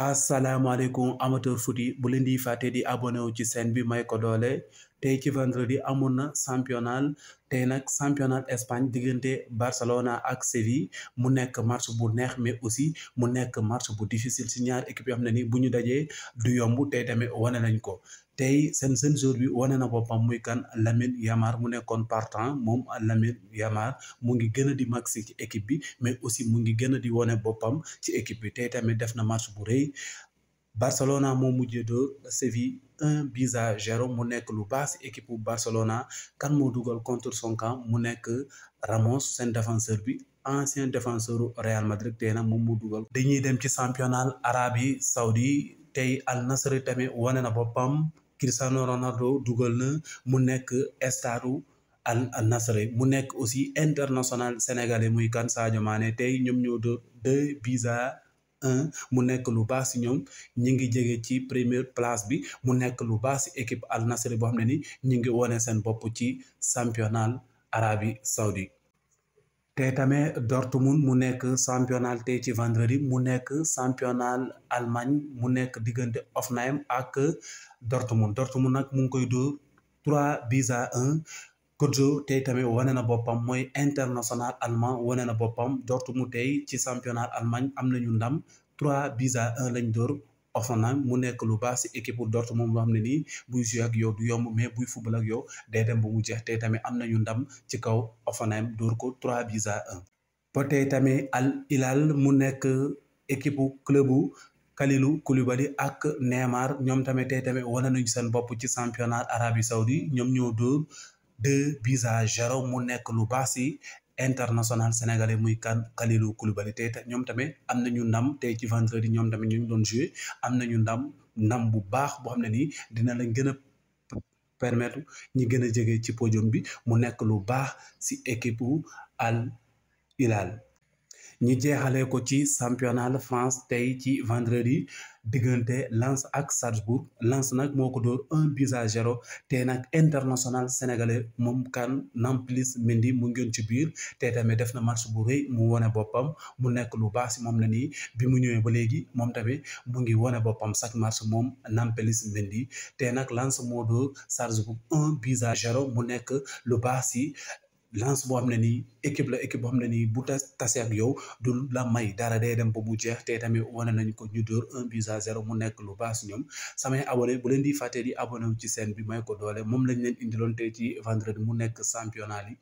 asalaamaaleykum amateur foot yi bu leen di fàtte di abonné wu ci seen bi may ko doole tey ci vendredi amoon na championnat tey nag championnat Espagne diggante Barcelona ak Séville mu nekk match bu neex mais aussi mu nekk match bu difficile si ñaar équipe yoo na ne ni bu ñu dajee du yomb tey tamit wane nañ ko tey seen seen jour bi wane na boppam muy kan Lamine Yamar mu nekkoon partant moom Lamine Yamar mu ngi gën di maxi ci équipe bi mais aussi mu ngi gën a di wane boppam ci équipe bi tey tamit def na match bu rëy Barcelona moo mujjee dóor Séville un but à mu nekk lu baax ci équipe bu Barcelona kan moo dugal contre son camp mu nekk Ramos seen défenseur bi. ancien défenseur Real Madrid tey nag moom mu dugal dañuy dem ci championnat Arabie Saoudi tey Al Nassr tamit wane na boppam Cristiano Ronaldo dugal na mu nekk staru al al Nasr mu nekk aussi international sénégalais muy kan Sadio maane tey ñoom ñoo doon deux buts un mu nekk lu baax si ñoom ñi ngi jege ci première place bi mu nekk lu baax si équipe al Nasr boo xam ne ni ñu ngi wone seen bopp ci championnat Arabie Saoudite te tamit Dortmund mu nekk championnat tey ci vendredi mu nekk championnat Allemagne mu nekk diggante Hoffenheim ak Dortmund Dortmund nag mu ngi koy dóor trois buts à un Kodjo tey tamit wane na boppam mooy international allemand wane na boppam Dortmund tey ci championnat Allemagne am na ñu ndam trois buts à un lañ dóor Offenheim mu nekk lu baax si équipe bu Dortmund moom loo xam ne nii buy joué ak yow du yomb mais buy football ak yow day dem ba mu jeex tey tamit am na nañu ndam ci kaw Offenheim dóor ko trois buts à 1. tey tamit Al Hilal mu nekk équipe bu club bu Kalilou Koulibaly ak Neymar ñoom tamit tey tamit wane nañu seen bopp ci championnat Arabie Saoudi ñoom ñoo dóor. deux buts à zéro mu nekk lu baax si international sénégalais muy kan Kalidou Koulibaly tey ñoom tamit am nañu ndam tey ci vendredi ñoom tamit ñu ngi doon joué am na ñu ndam ndam bu baax boo xam ne nii dina lañ gën a permettre ñi gën a jege ci podium bi mu nekk lu baax si équipe Al Hilal ñu jeexalee ko ci championnat de France tey ci vendredi diggante Lens ak Salzbourg Lens nag moo ko dóor un but à zéro te nag international sénégalais moom kan Nampalys Mendy mu ngi ci biir te tamit def na match bu rëy mu wane boppam mu nekk lu baax moom la nii bi mu ñëwee ba léegi moom tamit mu ngi wane boppam chaque match moom Nampalys Mendy te nag Lens moo dóor Salzbourg un but à mu nekk lu baax lance boo xam ne ni équipe la équipe boo xam ne nii bu tas tase ak yow du la may dara dee dem ba bu jeex te tamit wane nañ ko ñu dóor un but à mu nekk lu baas ñoom samay abonné bu leen di fàtte di abonné wu ci seen bi may ko doole moom lañ leen indiloon tey ci vendredi mu nekk championnat li